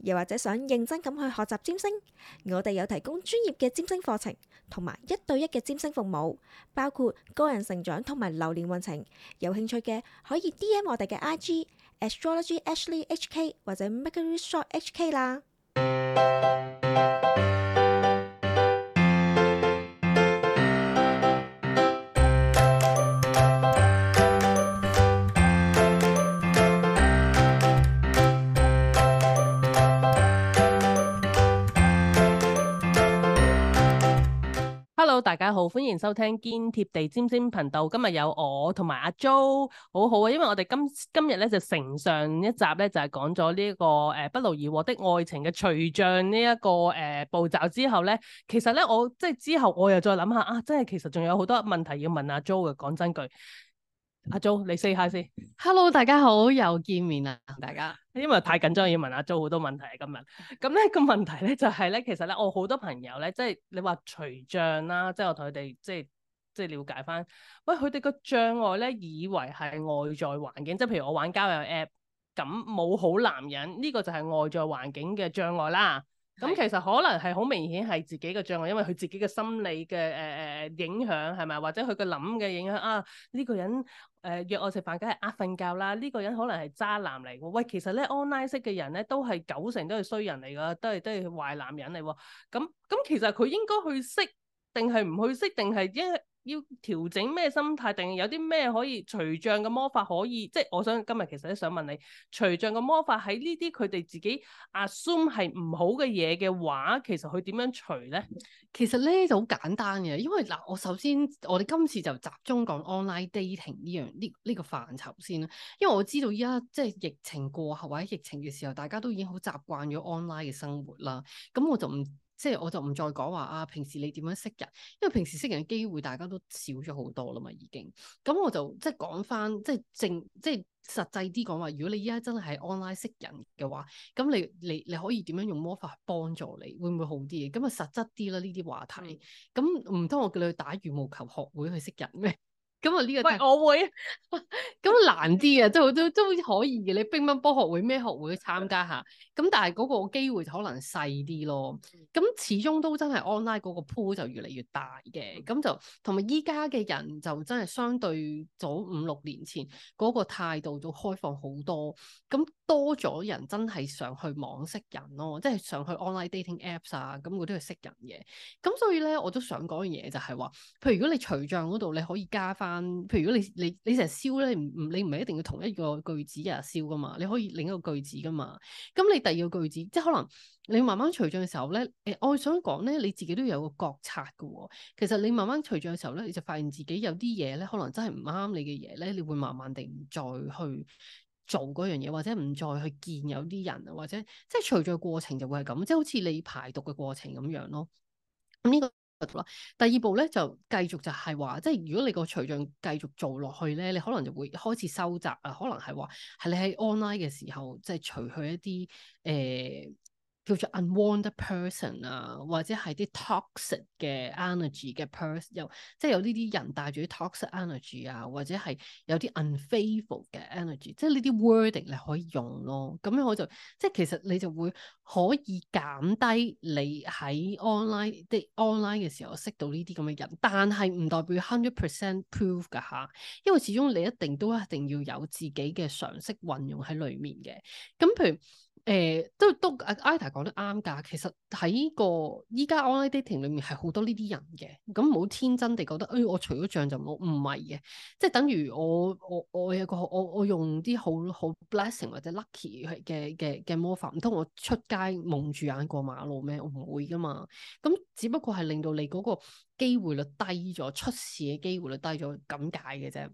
又或者想認真咁去學習占星，我哋有提供專業嘅占星課程，同埋一對一嘅占星服務，包括個人成長同埋流年運程。有興趣嘅可以 DM 我哋嘅 IG Astrology Ashley HK 或者 Mercury Shop HK 啦。hello，大家好，歡迎收聽堅貼地占星頻道。今日有我同埋阿 Jo，好好啊，因為我哋今今日咧就承上一集咧就係講咗呢個誒、呃嗯、不勞而獲的愛情嘅除障呢一個誒、呃、步驟之後咧，其實咧我即係之後我又再諗下啊，真係其實仲有好多問題要問阿、啊、Jo 嘅，講真句。阿 Jo，你 say hi 先。Hello，大家好，又見面啦，大家。因為太緊張，要問阿 Jo 好多問題啊，今日。咁咧個問題咧就係、是、咧，其實咧我好多朋友咧，即係你話除障啦，即係我同佢哋即係即係了解返，喂佢哋個障礙咧，以為係外在環境，即係譬如我玩交友 app，咁冇好男人，呢、這個就係外在環境嘅障礙啦。咁、嗯、其實可能係好明顯係自己嘅障礙，因為佢自己嘅心理嘅誒誒影響係咪？或者佢嘅諗嘅影響啊？呢個人誒、呃、約我食飯梗係呃瞓覺啦！呢個人可能係渣男嚟喎。喂，其實咧 online 識嘅人咧都係九成都係衰人嚟噶，都係都係壞男人嚟喎。咁、嗯、咁、嗯、其實佢應該去識定係唔去識定係應？要調整咩心態，定有啲咩可以除障嘅魔法可以？即係我想今日其實都想問你，除障嘅魔法喺呢啲佢哋自己 assume 係唔好嘅嘢嘅話，其實佢點樣除咧？其實咧就好簡單嘅，因為嗱，我首先我哋今次就集中講 online dating 呢樣呢呢個範疇先啦。因為我知道依家即係疫情過後或者疫情嘅時候，大家都已經好習慣咗 online 嘅生活啦。咁我就唔。即係我就唔再講話啊，平時你點樣識人？因為平時識人嘅機會大家都少咗好多啦嘛，已經。咁我就即係講翻，即係正，即係實際啲講話。如果你依家真係係 online 識人嘅話，咁你你你可以點樣用魔法去幫助你，會唔會好啲嘅？咁啊實質啲啦，呢啲話題。咁唔通我叫你去打羽毛球學會去識人咩？咁啊呢個，喂，我會，咁 難啲啊，即係都都可以嘅。你乒乓波學會咩學會參加下，咁但係個機會可能細啲咯。咁始終都真係 online 個 pool 就越嚟越大嘅，咁就同埋依家嘅人就真係相對早五六年前個態度都開放好多，咁多咗人真係上去網上識人咯，即係上去 online dating apps 啊，咁嗰啲去識人嘅。咁所以咧，我都想講嘅嘢就係話，譬如如果你除障嗰度，你可以加返。但譬如如果你你你成日燒咧，唔唔你唔係一定要同一個句子日日燒噶嘛，你可以另一個句子噶嘛。咁你第二個句子，即係可能你慢慢隨著嘅時候咧，誒、欸，我想講咧，你自己都有個覺察噶。其實你慢慢隨著嘅時候咧，你就發現自己有啲嘢咧，可能真係唔啱你嘅嘢咧，你會慢慢地唔再去做嗰樣嘢，或者唔再去見有啲人啊，或者即係隨著過程就會係咁，即係好似你排毒嘅過程咁樣咯。咁呢個。啦，第二步咧就繼續就係話，即係如果你個除障繼續做落去咧，你可能就會開始收窄，啊，可能係話係你喺 online 嘅時候，即係除去一啲誒。呃叫做 unwound person 啊，或者係啲 toxic 嘅 energy 嘅 person，又，即係有呢啲人帶住啲 toxic energy 啊，或者係有啲 unfavourable 嘅 energy，即係呢啲 wording 你可以用咯。咁樣我就即係其實你就會可以減低你喺 online 即 online 嘅時候識到呢啲咁嘅人，但係唔代表 hundred percent proof 噶吓，因為始終你一定都一定要有自己嘅常識運用喺裏面嘅。咁譬如。誒都都阿 Ida 講得啱㗎，其實喺個依家 online dating 裡面係好多呢啲人嘅，咁冇天真地覺得，誒、哎、我除咗障就我唔係嘅，即係等於我我我有個我我用啲好好 blessing 或者 lucky 嘅嘅嘅魔法，唔通我出街蒙住眼過馬路咩？我唔會噶嘛，咁只不過係令到你嗰個機會率低咗，出事嘅機會率低咗，咁解嘅啫。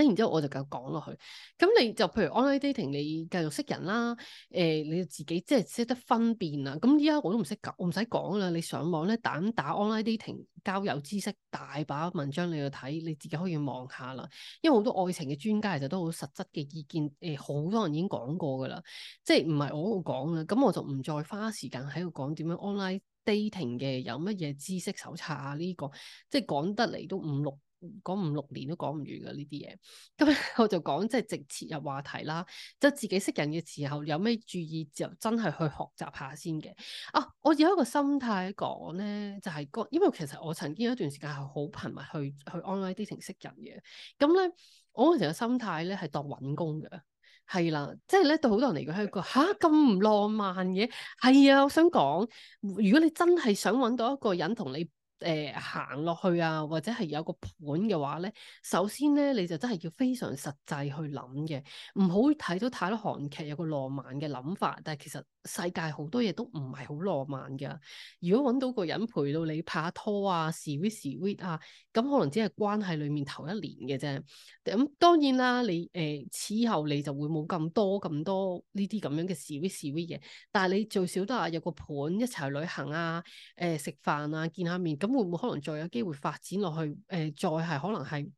然之後我就繼續講落去。咁你就譬如 online dating，你繼續識人啦。誒、呃，你自己即係識得分辨啦。咁依家我都唔識我唔使講啦。你上網咧，打打，打 online dating 交友知識，大把文章你去睇，你自己可以望下啦。因為好多愛情嘅專家其實都好實質嘅意見，誒、呃，好多人已經講過噶啦。即係唔係我講啦？咁我就唔再花時間喺度講點樣 online dating 嘅有乜嘢知識手冊啊。呢、這個即係講得嚟都五六。講五六年都講唔完噶呢啲嘢，咁 我就講即係直切入話題啦。就自己識人嘅時候，有咩注意就真係去學習下先嘅。啊，我有一個心態講咧，就係、是、個，因為其實我曾經有一段時間係好頻密去去 online 啲程式人嘅，咁咧我嗰陣時嘅心態咧係當揾工嘅，係啦，即係咧對好多人嚟講係個吓咁唔浪漫嘅。係啊，我想講，如果你真係想揾到一個人同你。誒行落去啊，或者係有個盤嘅話呢，首先呢，你就真係要非常實際去諗嘅，唔好睇到太多韓劇有個浪漫嘅諗法，但係其實。世界好多嘢都唔係好浪漫噶，如果揾到個人陪到你拍拖啊，sweet sweet 啊，咁可能只係關係裡面頭一年嘅啫。咁當然啦，你誒、呃、此後你就會冇咁多咁多呢啲咁樣嘅 sweet sweet 嘢，但係你最少都係有個伴一齊去旅行啊，誒、呃、食飯啊，見下面，咁會唔會可能再有機會發展落去？誒、呃，再係可能係。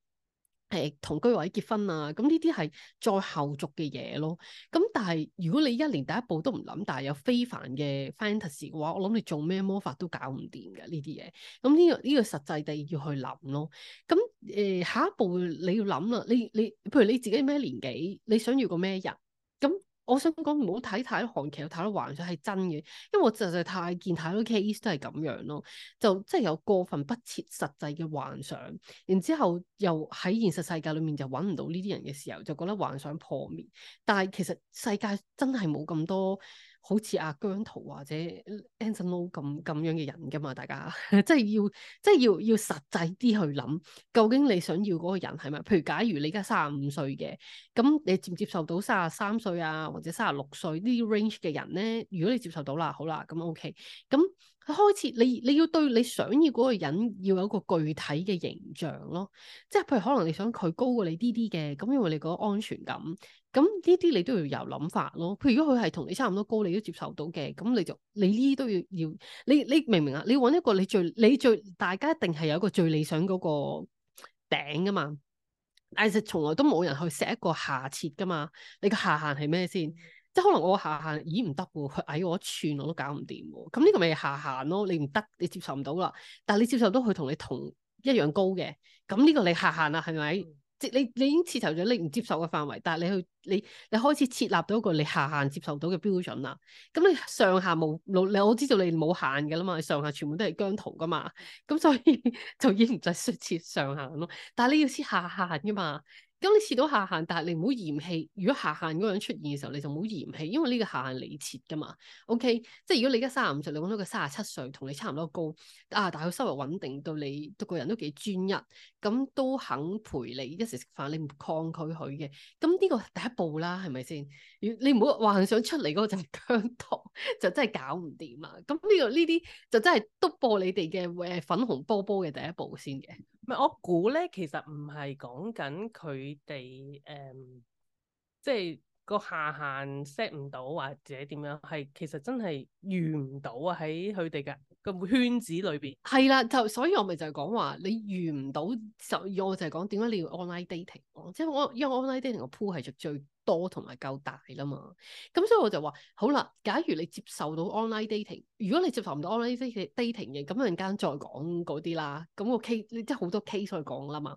誒，同居或者結婚啊，咁呢啲係再後續嘅嘢咯。咁但係如果你一年第一步都唔諗，但係有非凡嘅 fantasy 嘅話，我諗你做咩魔法都搞唔掂噶呢啲嘢。咁呢個呢個實際地要去諗咯。咁誒、呃，下一步你要諗啦。你你，譬如你自己咩年紀，你想要個咩人？我想講唔好睇太多韓劇，太多幻想係真嘅，因為我實在太見太多 case 都係咁樣咯，就即係有過分不切實際嘅幻想，然之後又喺現實世界裏面就揾唔到呢啲人嘅時候，就覺得幻想破滅，但係其實世界真係冇咁多。好似阿姜濤或者 Anson Lo 咁咁樣嘅人㗎嘛，大家即係 要即係要要實際啲去諗，究竟你想要嗰個人係咪？譬如假如你而家三十五歲嘅，咁你接唔接受到三十三歲啊，或者三十六歲呢啲 range 嘅人咧？如果你接受到啦，好啦，咁 OK，咁。佢開始你，你你要對你想要嗰個人要有一個具體嘅形象咯，即係譬如可能你想佢高過你啲啲嘅，咁因為你個安全感，咁呢啲你都要有諗法咯。譬如如果佢係同你差唔多高，你都接受到嘅，咁你就你呢啲都要要，你你明唔明啊？你揾一個你最你最大家一定係有一個最理想嗰個頂噶嘛，但係實從來都冇人去 set 一個下限噶嘛，你個下限係咩先？即係可能我下限，咦，唔得喎，佢矮，哎，我一寸我都搞唔掂喎，咁呢個咪下限咯？你唔得，你接受唔到啦。但係你接受到佢同你同一樣高嘅，咁呢個你下限啦，係咪？嗯，即係你你已經設頭咗你唔接受嘅範圍，但係你去你你開始設立到一個你下限接受到嘅標準啦。咁你上限冇，我知道你冇限嘅啦嘛，你上限全部都係姜濤噶嘛。咁所以 就已經唔再設設上限咯。但係你要先下限嘅嘛。咁你設到下限，但係你唔好嫌棄。如果下限嗰樣出現嘅時候，你就唔好嫌棄，因為呢個下限你設㗎嘛。OK，即係如果你而家三十五歲，你揾到佢三十七歲同你差唔多高啊，但係佢收入穩定到你，到個人都幾專一，咁都肯陪你一齊食飯，你唔抗拒佢嘅，咁呢個第一步啦，係咪先？你唔好幻想出嚟嗰個就係姜濤，就真係搞唔掂啦。咁呢、呢個呢啲就真係篤破你哋嘅誒粉紅波波嘅第一步先嘅。唔係我估咧，其實唔係講緊佢哋誒，即係個下限 set 唔到或者點樣，係其實真係遇唔到啊！喺佢哋嘅個圈子裏邊，係啦，就所以我咪就係講話你遇唔到就，就我就係講點解你要 online dating，即係我因為 online dating 個 pool 係最最多同埋夠大啦嘛，咁所以我就話好啦，假如你接受到 online dating，如果你接受唔到 online dating 嘅，咁陣間再講嗰啲啦，咁個 case 你即係好多 case 在講啦嘛。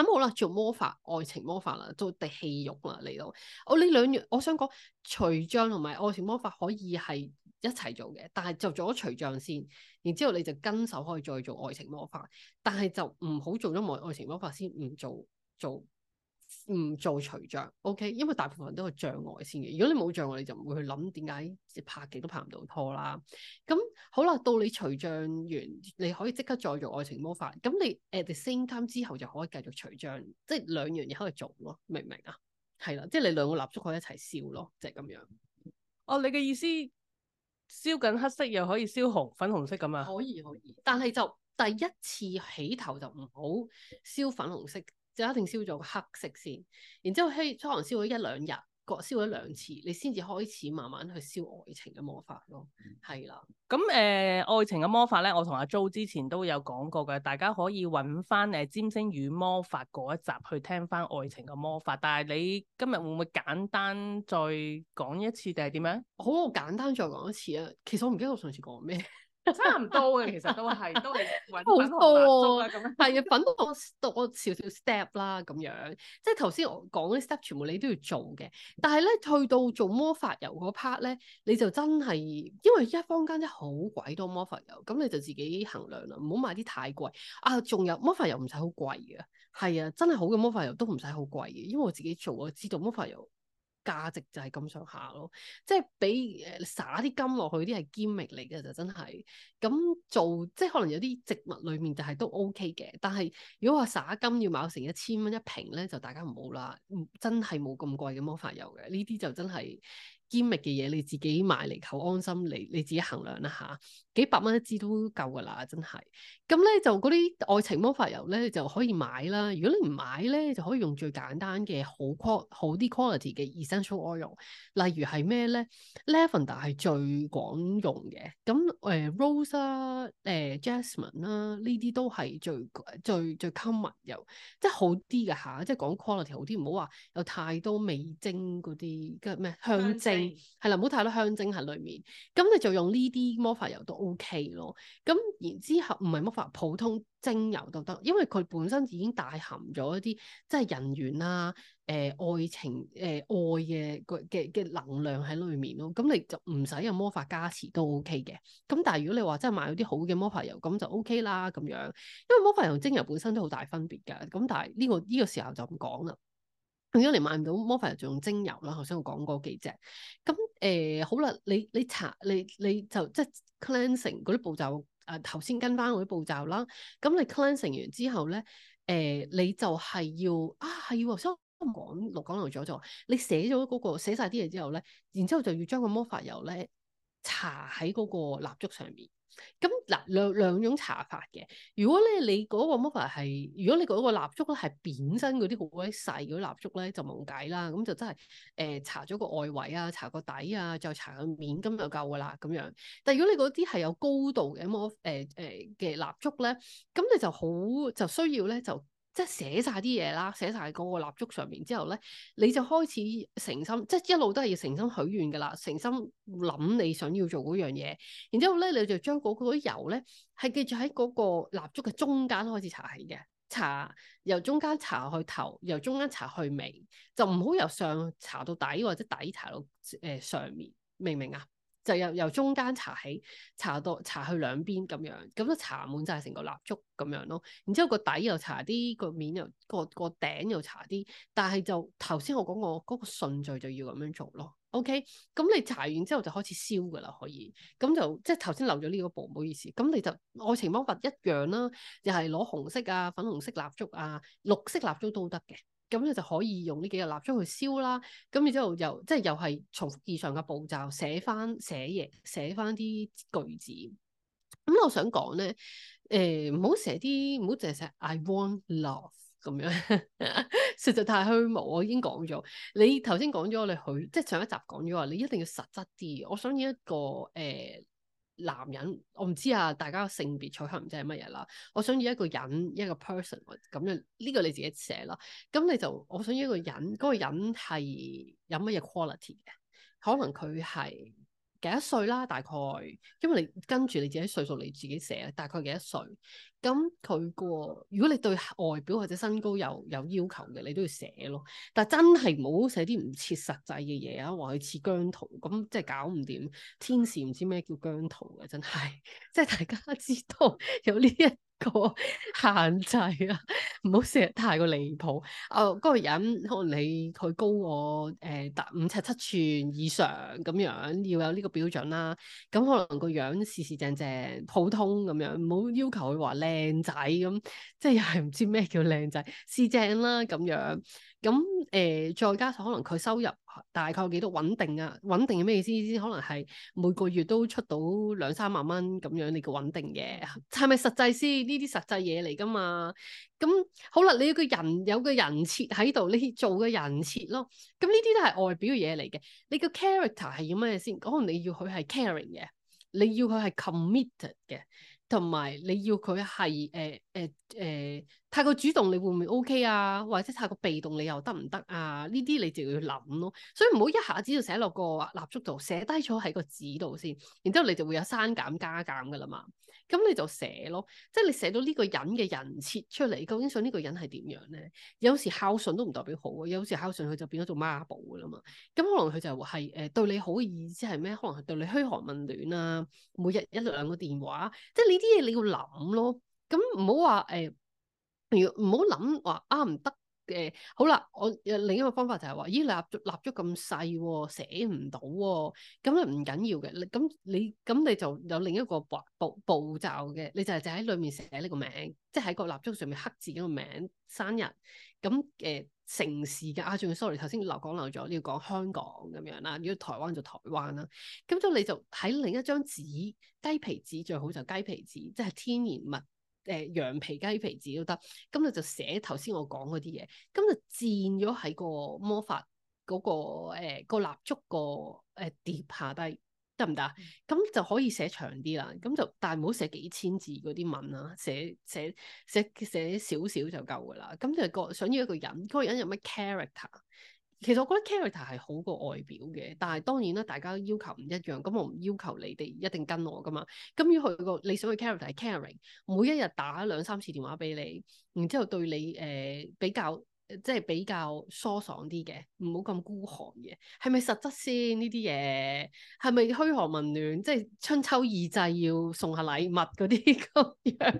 咁、嗯、好啦，做魔法愛情魔法啦，做地氣肉啦嚟到。我、哦、呢兩樣，我想講，除障同埋愛情魔法可以係一齊做嘅，但係就做咗除障先，然之後你就跟手可以再做愛情魔法，但係就唔好做咗愛愛情魔法先唔做做。做唔做除障，OK，因為大部分人都有障礙先嘅。如果你冇障礙，你就唔會去諗點解拍極都拍唔到拖啦。咁好啦，到你除障完，你可以即刻再做愛情魔法。咁你誒，at the same time 之後就可以繼續除障，即係兩樣嘢可以做咯，明唔明啊？係啦，即係你兩個蠟燭可以一齊燒咯，即係咁樣。哦，你嘅意思燒緊黑色又可以燒紅粉紅色咁樣？可以可以，但係就第一次起頭就唔好燒粉紅色。就一定燒咗個黑色先，然之後可能燒咗一兩日，各燒咗兩次，你先至開始慢慢去燒愛情嘅魔法咯，係啦。咁誒、呃，愛情嘅魔法咧，我同阿 Jo 之前都有講過嘅，大家可以揾翻《誒占星與魔法》嗰一集去聽翻愛情嘅魔法。但係你今日會唔會簡單再講一次定係點樣？好，簡單再講一次啊！其實我唔記得我上次講咩。 差唔多嘅，其實都係都係揾好多喎。係啊，粉多多少少 step 啦，咁樣即係頭先我講啲 step 全部你都要做嘅。但係咧，去到做魔法油嗰 part 咧，你就真係，因為一家坊間真係好鬼多魔法油，咁你就自己衡量啦，唔好買啲太貴啊。仲有魔法油唔使好貴嘅，係啊，真係好嘅魔法油都唔使好貴嘅，因為我自己做我知道魔法油。價值就係咁上下咯，即係俾誒撒啲金落去啲係 gimmick 嚟嘅就真係，咁做即係可能有啲植物裏面就係都 OK 嘅，但係如果話撒金要買成一千蚊一瓶咧，就大家唔好啦，真係冇咁貴嘅魔法油嘅，呢啲就真係。兼密嘅嘢你自己買嚟求安心，你你自己衡量一下，幾百蚊一支都夠噶啦，真係。咁咧就嗰啲愛情魔法油咧就可以買啦。如果你唔買咧，就可以用最簡單嘅好，ual, 好 quality 好啲 quality 嘅 essential oil，例如係咩咧？lavender e 係最廣用嘅，咁誒、呃、rose 誒、啊呃、jasmine 啦、啊，呢啲都係最最最 common 油，即係好啲嘅嚇，即係講 quality 好啲，唔好話有太多味精嗰啲，跟咩香精。係啦，唔好、 嗯、太多香精喺裏面，咁你就用呢啲魔法油都 O、OK、K 咯。咁然之後唔係魔法，普通精油都得，因為佢本身已經帶含咗一啲即係人緣啦、啊、誒、呃、愛情、誒、呃、愛嘅嘅嘅能量喺裏面咯。咁你就唔使用有魔法加持都 O K 嘅。咁但係如果你話真係買嗰啲好嘅魔法油，咁就 O、OK、K 啦咁樣。因為魔法油、精油本身都好大分別噶。咁但係呢、這個呢、這個時候就唔講啦。用咗你買唔到魔法油，就用精油啦。頭先我講過幾隻，咁誒、呃、好啦，你你搽你你就即係 cleansing 嗰啲步驟，誒頭先跟翻嗰啲步驟啦。咁你 cleansing 完之後咧，誒、呃、你就係要啊要。所、啊、以我講六講漏咗就，你寫咗嗰、嗰個寫曬啲嘢之後咧，然之後就要將個魔法油咧搽喺嗰個蠟燭上面。咁嗱，兩兩種搽法嘅。如果咧你嗰個魔法係，如果你嗰個蠟燭咧係扁身嗰啲好鬼細嗰啲蠟燭咧，就冇底啦。咁就真係誒搽咗個外圍啊，搽個底啊，再搽個面，咁就夠噶啦咁樣。但係如果你嗰啲係有高度嘅魔法誒誒嘅蠟燭咧，咁、呃呃、你就好就需要咧就。即係寫晒啲嘢啦，寫晒嗰個蠟燭上面之後咧，你就開始誠心，即係一路都係要誠心許願嘅啦，誠心諗你想要做嗰樣嘢，然之後咧你就將嗰嗰啲油咧係記住喺嗰個蠟燭嘅中間開始搽起嘅，搽由中間搽去頭，由中間搽去尾，就唔好由上搽到底或者底搽到誒、呃、上面，明唔明啊？就由由中間搽起，搽到搽去兩邊咁樣，咁樣搽滿晒成個蠟燭咁樣咯。然之後個底又搽啲，個面又個個頂又搽啲，但係就頭先我講過嗰個順序就要咁樣做咯。OK，咁你搽完之後就開始燒㗎啦，可以。咁就即係頭先漏咗呢一步，唔好意思。咁你就愛情魔法一樣啦，又係攞紅色啊、粉紅色蠟燭啊、綠色蠟燭都得嘅。咁咧就可以用呢幾個蠟燭去燒啦，咁然之後又即係又係重複以上嘅步驟，寫翻寫嘢，寫翻啲句子。咁、嗯、我想講咧，誒唔好寫啲唔好淨係寫 I want love 咁樣， 實在太虛無。我已經講咗，你頭先講咗，你許即係上一集講咗話，你一定要實質啲。我想要一個誒。呃男人，我唔知啊，大家嘅性別取向唔知係乜嘢啦。我想要一個人，一個 person 咁樣，呢個你自己寫啦。咁你就我想要一個人，嗰個人係有乜嘢 quality 嘅？可能佢係。幾多歲啦？大概，因為你跟住你自己歲數你自己寫，大概幾多歲？咁佢個，如果你對外表或者身高有有要求嘅，你都要寫咯。但係真係唔好寫啲唔切實際嘅嘢啊，話佢似姜濤，咁即係搞唔掂。天使唔知咩叫姜濤啊，真係，即係大家知道 有呢一。個限制啊，唔好寫得太過離譜。哦，嗰、那個人可能你佢高我誒達五尺七寸以上咁樣，要有呢個標準啦。咁可能個樣四四正正普通咁樣，唔好要求佢話靚仔咁，即係又係唔知咩叫靚仔，四正啦咁樣。咁誒、呃，再加上可能佢收入大概有幾多穩定啊？穩定係咩意思？先可能係每個月都出到兩三萬蚊咁樣，你叫穩定嘅，係咪實際先？呢啲實際嘢嚟㗎嘛？咁好啦，你要個人有個人設喺度，你做嘅人設咯。咁呢啲都係外表嘢嚟嘅。你個 character 係要咩先？可能你要佢係 caring 嘅，你要佢係 committed 嘅，同埋你要佢係誒。呃誒誒、呃呃，太過主動你會唔會 OK 啊？或者太過被動你又得唔得啊？呢啲你就要諗咯。所以唔好一下子就寫落個蠟燭度，寫低咗喺個紙度先。然之後你就會有刪減加減噶啦嘛。咁你就寫咯，即係你寫到呢個人嘅人設出嚟，究竟想呢個人係點樣咧？有時孝順都唔代表好，有時孝順佢就變咗做媽寶噶啦嘛。咁可能佢就係、是、誒、呃、對你好嘅意思係咩？可能係對你噓寒問暖啊，每日一兩個電話，即係呢啲嘢你要諗咯。咁唔好話誒，如唔好諗話啊唔得嘅好啦。我誒另一個方法就係話，咦，蠟燭蠟燭咁細，寫唔到喎。咁咧唔緊要嘅，你咁你咁你就有另一個步步步驟嘅，你就係就喺裏面寫呢個名，即係喺個蠟燭上面刻字嘅名字、生日。咁誒、呃、城市嘅啊，仲要 sorry 頭先漏講漏咗，你要講香港咁樣啦。如果台灣就台灣啦。咁之後你就喺另一張紙雞皮紙，最好就雞皮紙，即係天然物。誒、呃，羊皮雞皮紙都得，咁你就寫頭先我講嗰啲嘢，咁就占咗喺個魔法嗰、嗰個誒個蠟燭個誒碟下低得唔得？咁就可以寫長啲啦，咁就但係唔好寫幾千字嗰啲文啊，寫寫寫寫少少就夠噶啦，咁就個想要一個人，嗰個人有咩 character？其實我覺得 character 係好過外表嘅，但係當然啦，大家要求唔一樣，咁我唔要求你哋一定跟我㗎嘛。咁要去個你想去 character 係 caring，每一日打兩三次電話俾你，然之後對你誒、呃、比較。即係比較疏爽啲嘅，唔好咁孤寒嘅，係咪實質先呢啲嘢？係咪噓寒問暖？即係春秋二祭要送下禮物嗰啲咁樣？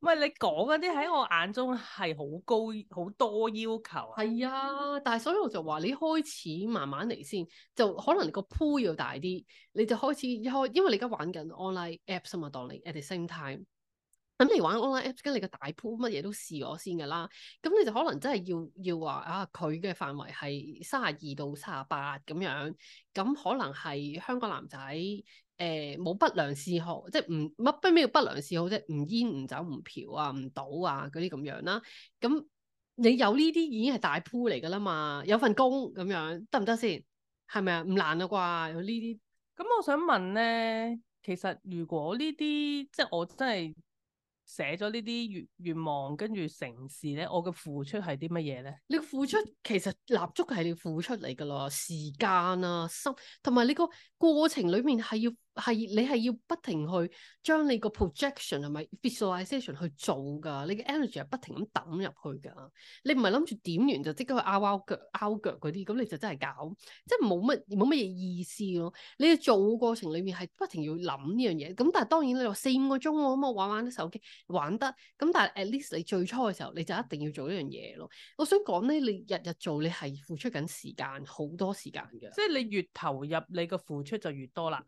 唔係你講嗰啲喺我眼中係好高好多要求。係啊，但係所以我就話你開始慢慢嚟先，就可能你個鋪要大啲，你就開始一開，因為你而家玩緊 online app 啊嘛，當你 at the same time。咁你玩 online apps，跟你個大 pool 乜嘢都試我先噶啦。咁你就可能真係要要話啊，佢嘅範圍係三十二到三十八咁樣，咁可能係香港男仔誒冇不良嗜好，即係唔乜咩邊叫不良嗜好即係？唔煙唔酒唔嫖啊，唔賭啊嗰啲咁樣啦。咁你有呢啲已經係大 pool 嚟噶啦嘛？有份工咁樣得唔得先？係咪啊？唔難啊啩？有呢啲。咁我想問咧，其實如果呢啲即係我真係。寫咗呢啲願願望，跟住成事咧，我嘅付出係啲乜嘢咧？你付出其實蠟燭係你付出嚟噶咯，時間啊，心，同埋你個過程裏面係要。係你係要不停去將你個 projection 同埋 visualization 去做噶？你嘅 energy 係不停咁掟入去噶。你唔係諗住點完就即刻去拗腳拗腳嗰啲，咁你就真係搞，即係冇乜冇乜嘢意思咯。你要做過程裏面係不停要諗呢樣嘢。咁但係當然你話，四五個鐘咁我玩玩啲手機玩得咁，但係 at least 你最初嘅時候你就一定要做呢樣嘢咯。我想講咧，你日日做你係付出緊時間好多時間嘅，即係你越投入你個付出就越多啦。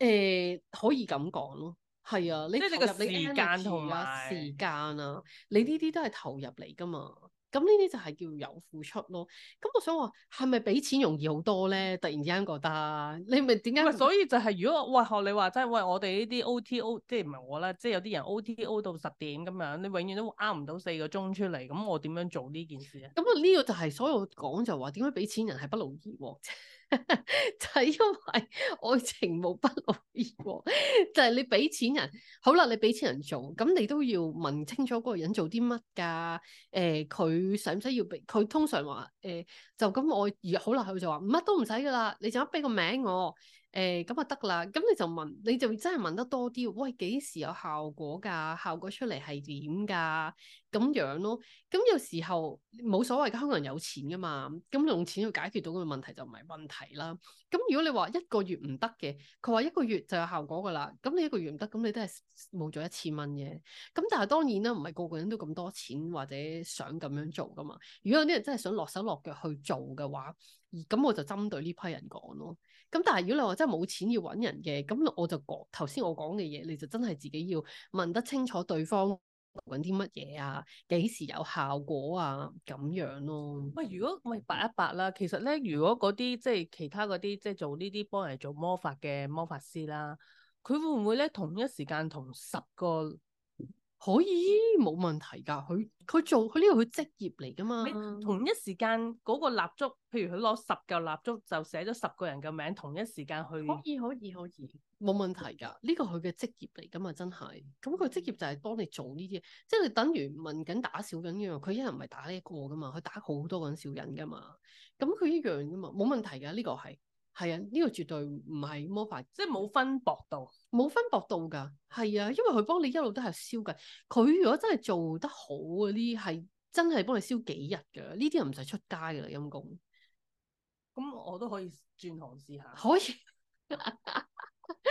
誒、欸、可以咁講咯，係啊，你你 energy，即你個時間同埋時間啊，你呢啲都係投入嚟噶嘛，咁呢啲就係叫有付出咯。咁我想話係咪俾錢容易好多咧？突然之間覺得你咪點解？所以就係如果喂學你話真係喂，我哋呢啲 OTO，即係唔係我啦，即係有啲人 OTO 到十點咁樣，你永遠都 out 唔到四個鐘出嚟，咁我點樣做呢件事咧？咁啊呢個就係所以我講就話點解俾錢人係不勞而獲啫。 就係因為愛情無不勞而獲，就係你俾錢人，好啦，你俾錢人做，咁你都要問清楚嗰個人做啲乜噶？誒、欸，佢使唔使要俾？佢通常話誒、欸，就咁我而好啦，佢就話乜都唔使噶啦，你就一陣間俾個名我。誒咁啊得啦，咁、欸、你就問，你就真係問得多啲喎。喂，幾時有效果㗎？效果出嚟係點㗎？咁樣咯。咁有時候冇所謂嘅，香港人有錢㗎嘛。咁用錢去解決到個問題就唔係問題啦。咁如果你話一個月唔得嘅，佢話一個月就有效果㗎啦。咁你一個月唔得，咁你都係冇咗一千蚊嘅。咁但係當然啦，唔係個個人都咁多錢或者想咁樣做㗎嘛。如果有啲人真係想落手落腳去做嘅話，咁我就針對呢批人講咯。咁但係如果你話真係冇錢要揾人嘅，咁我就講頭先我講嘅嘢，你就真係自己要問得清楚對方揾啲乜嘢啊，幾時有效果啊咁樣咯，啊。喂，如果喂白一白啦，其實咧，如果嗰啲即係其他嗰啲即係做呢啲幫人做魔法嘅魔法師啦，佢會唔會咧同一時間同十個？可以冇問題噶，佢佢做佢呢個佢職業嚟噶嘛。同一時間嗰個蠟燭，譬如佢攞十嚿蠟燭就寫咗十個人嘅名，同一時間去。可以可以可以，冇問題噶，呢個佢嘅職業嚟噶嘛，真係。咁佢職業就係幫你做呢啲嘢，即係等於問緊打小人嘅，佢一人唔係打呢一個噶嘛，佢打好多個人小人噶嘛。咁佢一樣噶嘛，冇問題噶，呢個係。係啊，呢個絕對唔係魔法，即係冇分薄到，冇分薄到㗎。係啊，因為佢幫你一路都係燒緊。佢如果真係做得好嗰啲，係真係幫你燒幾日㗎。呢啲又唔使出街㗎啦，陰功，咁我都可以轉行試下。可以。 好熱喺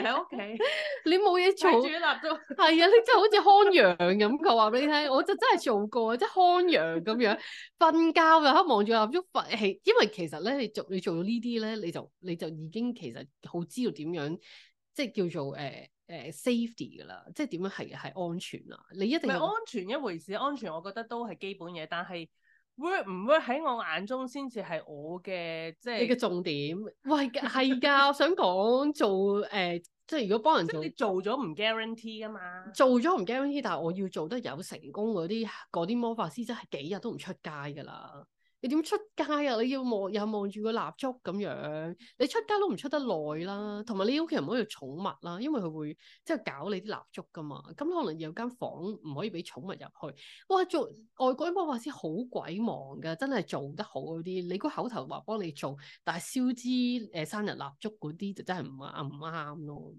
屋企，你冇嘢做，蠟燭係啊，你真係好似看羊咁佢話俾你聽， 我就真係做過，即係看羊咁樣瞓覺嘅，喺望住蠟燭瞓。因為其實咧，你做你做呢啲咧，你就你就已經其實好知道點樣，即係叫做誒誒 safety 㗎啦，即係點樣係係安全啊？你一定安全一回事，安全我覺得都係基本嘢，但係。會唔會喺我眼中先至係我嘅，即係你嘅重點？喂係噶， 我想講做誒、呃，即係如果幫人做，你做咗唔 guarantee 噶嘛？做咗唔 guarantee，但係我要做得有成功嗰啲，啲魔法師真係幾日都唔出街噶啦。你點出街啊？你要望又望住個蠟燭咁樣，你出街都唔出得耐啦。同埋你屋企唔可以養寵物啦，因為佢會即係、就是、搞你啲蠟燭㗎嘛。咁可能有間房唔可以俾寵物入去。哇，做外國啲魔法師好鬼忙㗎，真係做得好嗰啲。你估口頭話幫你做，但係燒支誒、呃、生日蠟燭嗰啲就真係唔啱唔啱咯。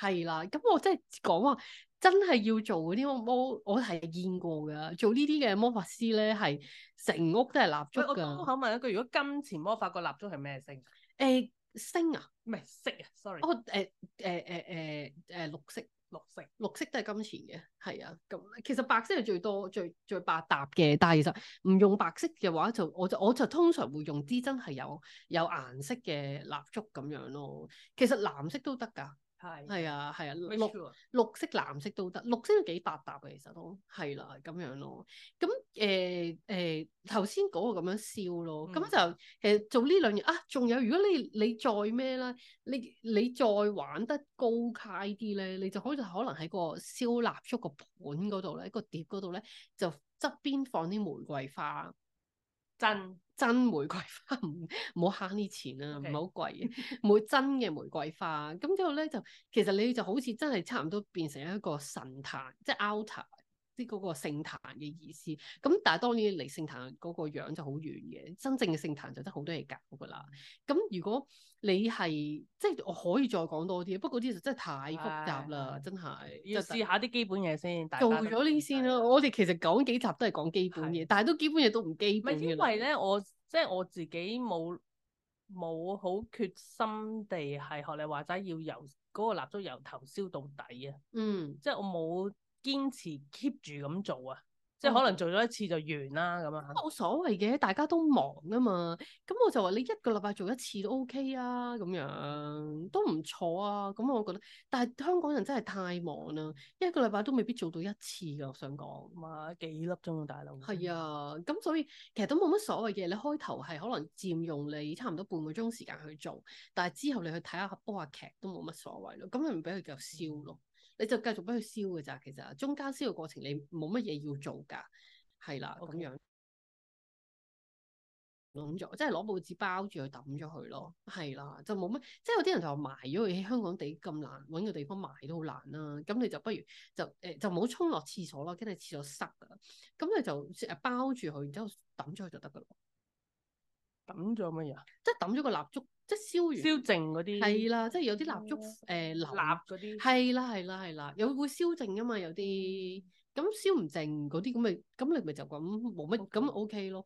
係啦，咁我真係講話。真係要做嗰啲魔，我係見過㗎。做呢啲嘅魔法師咧，係成屋都係蠟燭㗎。我，我口問一句，如果金錢魔法個蠟燭係咩色？誒、欸，星啊，唔係色啊，sorry。哦，誒誒誒誒誒，綠色，綠色，綠色都係金錢嘅，係啊。咁其實白色係最多、最最百搭嘅，但係其實唔用白色嘅話就，就我就我就通常會用啲真係有有顏色嘅蠟燭咁樣咯。其實藍色都得㗎。係，係啊，係啊，綠綠色、藍色都得，綠色都幾百搭嘅，其實都係啦，咁樣咯。咁誒誒，頭先講個咁樣燒咯，咁、嗯、就其、呃、做呢兩樣啊，仲有如果你你再咩咧，你你再玩得高階啲咧，你就好似可能喺個燒蠟燭個盤嗰度咧，個碟嗰度咧，就側邊放啲玫瑰花。真真玫瑰花，唔好慳啲錢啊，唔係好貴嘅，唔會真嘅玫瑰花，啊，咁 之後咧就其實你就好似真係差唔多變成一個神壇，即係 outer。即嗰個聖壇嘅意思，咁但係當然離聖壇嗰個樣就好遠嘅，真正嘅聖壇就得好多嘢搞噶啦。咁如果你係即係我可以再講多啲，不過啲嘢真係太複雜啦，的真係的就試下啲基本嘢先。做咗呢先啦，我哋其實講幾集都係講基本嘢，的但係都基本嘢都唔基本，唔係因為咧，我即係我自己冇冇好決心地係學你話齋，要由嗰個蠟燭由頭燒到底啊。嗯，即係我冇，堅持 keep 住咁做啊，即係可能做咗一次就完啦咁啊。哦、咁樣、冇所謂嘅，大家都忙啊嘛。咁我就話你一個禮拜做一次都 OK 啊，咁樣都唔錯啊。咁我覺得，但係香港人真係太忙啦，一個禮拜都未必做到一次噶。我想講嘛，幾粒鐘啊大佬。係啊，咁所以其實都冇乜所謂嘅。你開頭係可能佔用你差唔多半個鐘時間去做，但係之後你去睇下煲下劇都冇乜所謂咯。咁你咪俾佢繼續燒咯。你就繼續俾佢燒㗎咋，其實中間燒嘅過程你冇乜嘢要做㗎，係啦咁樣。諗咗，即係攞報紙包住佢抌咗佢咯，係啦，就冇乜，即係有啲人就話埋咗佢，喺香港地咁難揾個地方埋都好難啦，咁你就不如就誒就唔好、欸、沖落廁所咯，跟為廁所塞啊，咁你就誒包住佢，然之後抌咗佢就得㗎啦。抌咗乜嘢啊？即係抌咗個蠟燭。即係燒完，燒淨嗰啲係啦，即係有啲蠟燭，誒、嗯呃、蠟嗰啲係啦係啦係啦，有會燒淨啊嘛，有啲咁燒唔淨嗰啲咁咪，咁你咪就咁冇乜咁 OK 咯。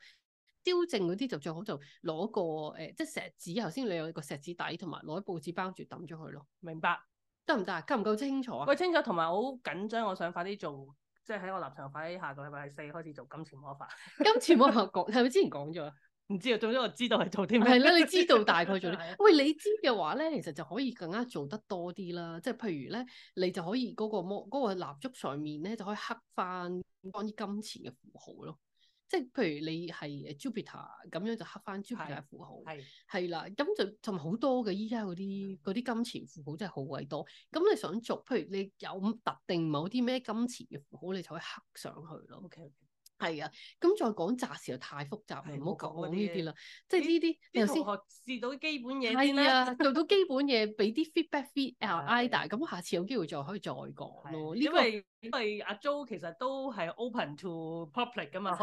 燒淨嗰啲就最好就攞個誒、欸、即係石紙，頭先你有一個石紙底，同埋攞啲布紙包住抌咗佢咯。明白得唔得？夠唔夠清楚啊？喂，清楚同埋好緊張，我想快啲做，即係喺我立場快啲下個禮拜四開始做金錢魔法。 金錢魔法講係咪之前講咗？ 唔知啊，總之我知道係做啲咩。係啦，你知道大概做啲咩？ 喂，你知嘅話咧，其實就可以更加做得多啲啦。即係譬如咧，你就可以嗰個魔嗰個蠟燭上面咧，就可以刻翻關於金錢嘅符號咯。即係譬如你係 Jupiter 咁樣，就刻翻 Jupiter 嘅符號。係係啦，咁就同好多嘅，依家嗰啲啲金錢符號真係好鬼多。咁你想做，譬如你有特定某啲咩金錢嘅符號，你就可以刻上去咯。OK。係啊，咁再講雜事候太複雜，唔好講呢啲啦。即係呢啲，頭先試到基本嘢先啦，做到基本嘢，俾啲 feedback feedback，Ida 咁，下次有機會再可以再講咯。因為因為阿 Jo 其實都係 open to public 噶嘛，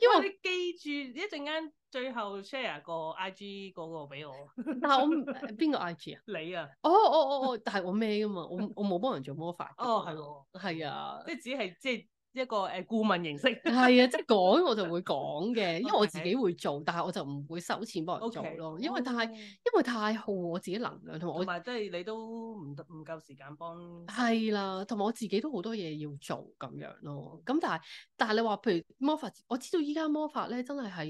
因為你記住一陣間最後 share 個 IG 嗰個俾我。但係我，呃邊個 IG 啊？你啊？哦哦哦哦，但係我咩噶嘛？我我冇幫人做魔法。哦，係咯。係啊，即係只係即係。一個誒顧問形式係 啊，即係講我就會講嘅，因為我自己會做，但係我就唔會收錢幫人做咯，Okay. 因為太 Okay. 因為太耗我自己能量同埋，同埋即係你都唔唔夠時間幫。係啦、啊，同埋我自己都好多嘢要做咁樣咯。咁 但係但係你話譬如魔法，我知道依家魔法咧真係喺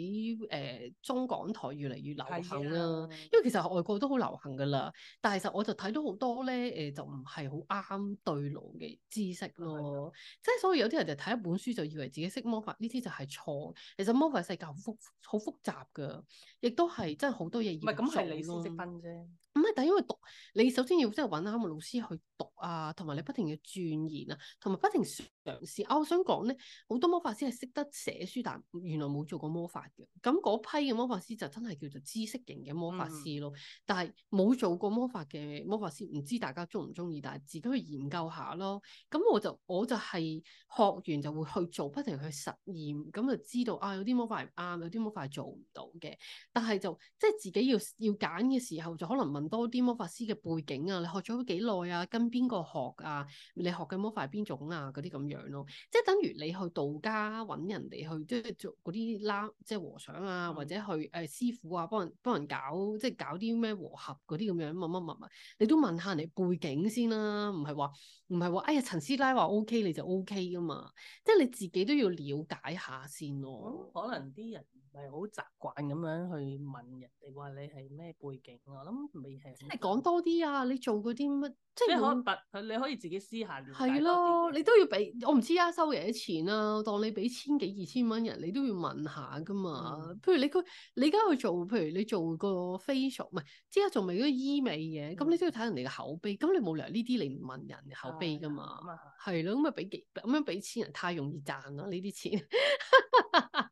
誒中港台越嚟越流行啦、啊。 因為其實外國都好流行噶啦，但係其實我就睇到好多咧誒、呃，就唔係好啱對路嘅知識咯。即係 所以有啲人。睇一本書就以為自己識魔法，呢啲就係錯，其實魔法世界好複好複雜㗎，亦都係真係好多嘢要讀咯。唔係咁係你先識分啫。唔係，但係因為讀，你首先要即係揾啱個老師去讀。啊，同埋你不停要鑽研啊，同埋不停嘗試啊！我想講咧，好多魔法師係識得寫書，但原來冇做過魔法嘅。咁嗰批嘅魔法師就真係叫做知識型嘅魔法師咯。嗯、但係冇做過魔法嘅魔法師，唔知大家中唔中意，但係自己去研究下咯。咁我就我就係學完就會去做，不停去實驗，咁就知道啊，有啲魔法係啱，有啲魔法係做唔到嘅。但係就即係自己要要揀嘅時候，就可能問多啲魔法師嘅背景啊，你學咗幾耐啊，跟邊？個學啊，你學嘅魔法係邊種啊？嗰啲咁樣咯，即係等於你去道家搵人哋去，即係做嗰啲啦，即係和尚啊，或者去誒、呃、師傅啊，幫人幫人搞，即係搞啲咩和合嗰啲咁樣，乜乜乜乜，你都問下人哋背景先啦，唔係話唔係話，哎呀陳師奶話 O K 你就 O K 噶嘛，即係你自己都要了解下先咯。可能啲人。唔好習慣咁樣去問人哋話你係咩背景，我諗未係，你係講多啲啊！你做過啲乜，即係可白佢，你可以自己私下瞭解。係咯，你都要俾我唔知啊，收幾多錢啊？當你俾千幾二千蚊人，你都要問下噶嘛。嗯、譬如你佢，你而家去做，譬如你做個 facial，唔係即係做咪嗰啲醫美嘢，咁、嗯、你都要睇人哋嘅口碑。咁你冇理由呢啲，你唔問人口碑噶嘛？係咯、哎，咁咪俾咁樣俾錢人太容易賺啦呢啲錢。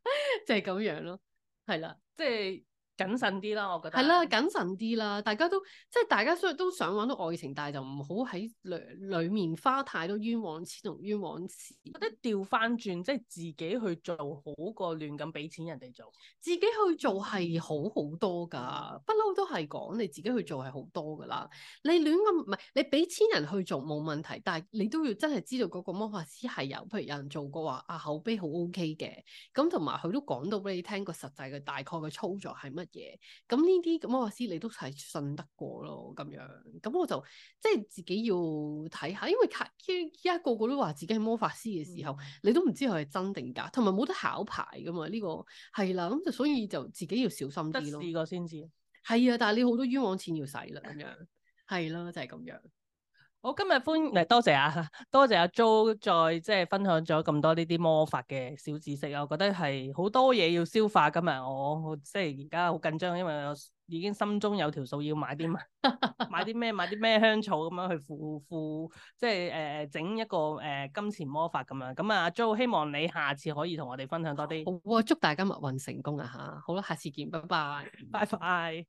就係咁樣咯，係啦，即係。謹慎啲啦，我覺得係啦、啊，謹慎啲啦。大家都即係大家雖然都想揾到愛情，但係就唔好喺裏裏面花太多冤枉錢同冤枉錢。覺得掉返轉，即係自己去做好過亂咁俾錢人哋做，自己去做係好好多㗎。不嬲都係講你自己去做係好多㗎啦。你亂咁，唔係你俾錢人去做冇問題，但係你都要真係知道嗰個魔法師係有，譬如有人做過話，啊，口碑好 OK 嘅，咁同埋佢都講到俾你聽個實際嘅大概嘅操作係乜。嘢，咁呢啲魔法師你都係信得過咯，咁樣，咁我就即係自己要睇下，因為依家個個都話自己係魔法師嘅時候，嗯、你都唔知佢係真定假，同埋冇得考牌噶嘛，呢、呢個係啦，咁就所以就自己要小心啲咯。得試過先知，係啊，但係你好多冤枉錢要使啦，咁樣係咯， 就係、係、咁樣。好，今日歡迎，誒，多謝阿、啊，多謝阿、啊、Jo，再即係分享咗咁多呢啲魔法嘅小知識，我覺得係好多嘢，要消化，今日我即係而家好緊張，因為我已經心中有條數要買啲 買啲咩，買啲咩香草咁樣去付付，即係誒整一個誒、呃、金錢魔法咁樣，咁啊 Jo，希望你下次可以同我哋分享多啲，祝大家物運成功啊吓，好啦，下次見，拜拜，拜拜。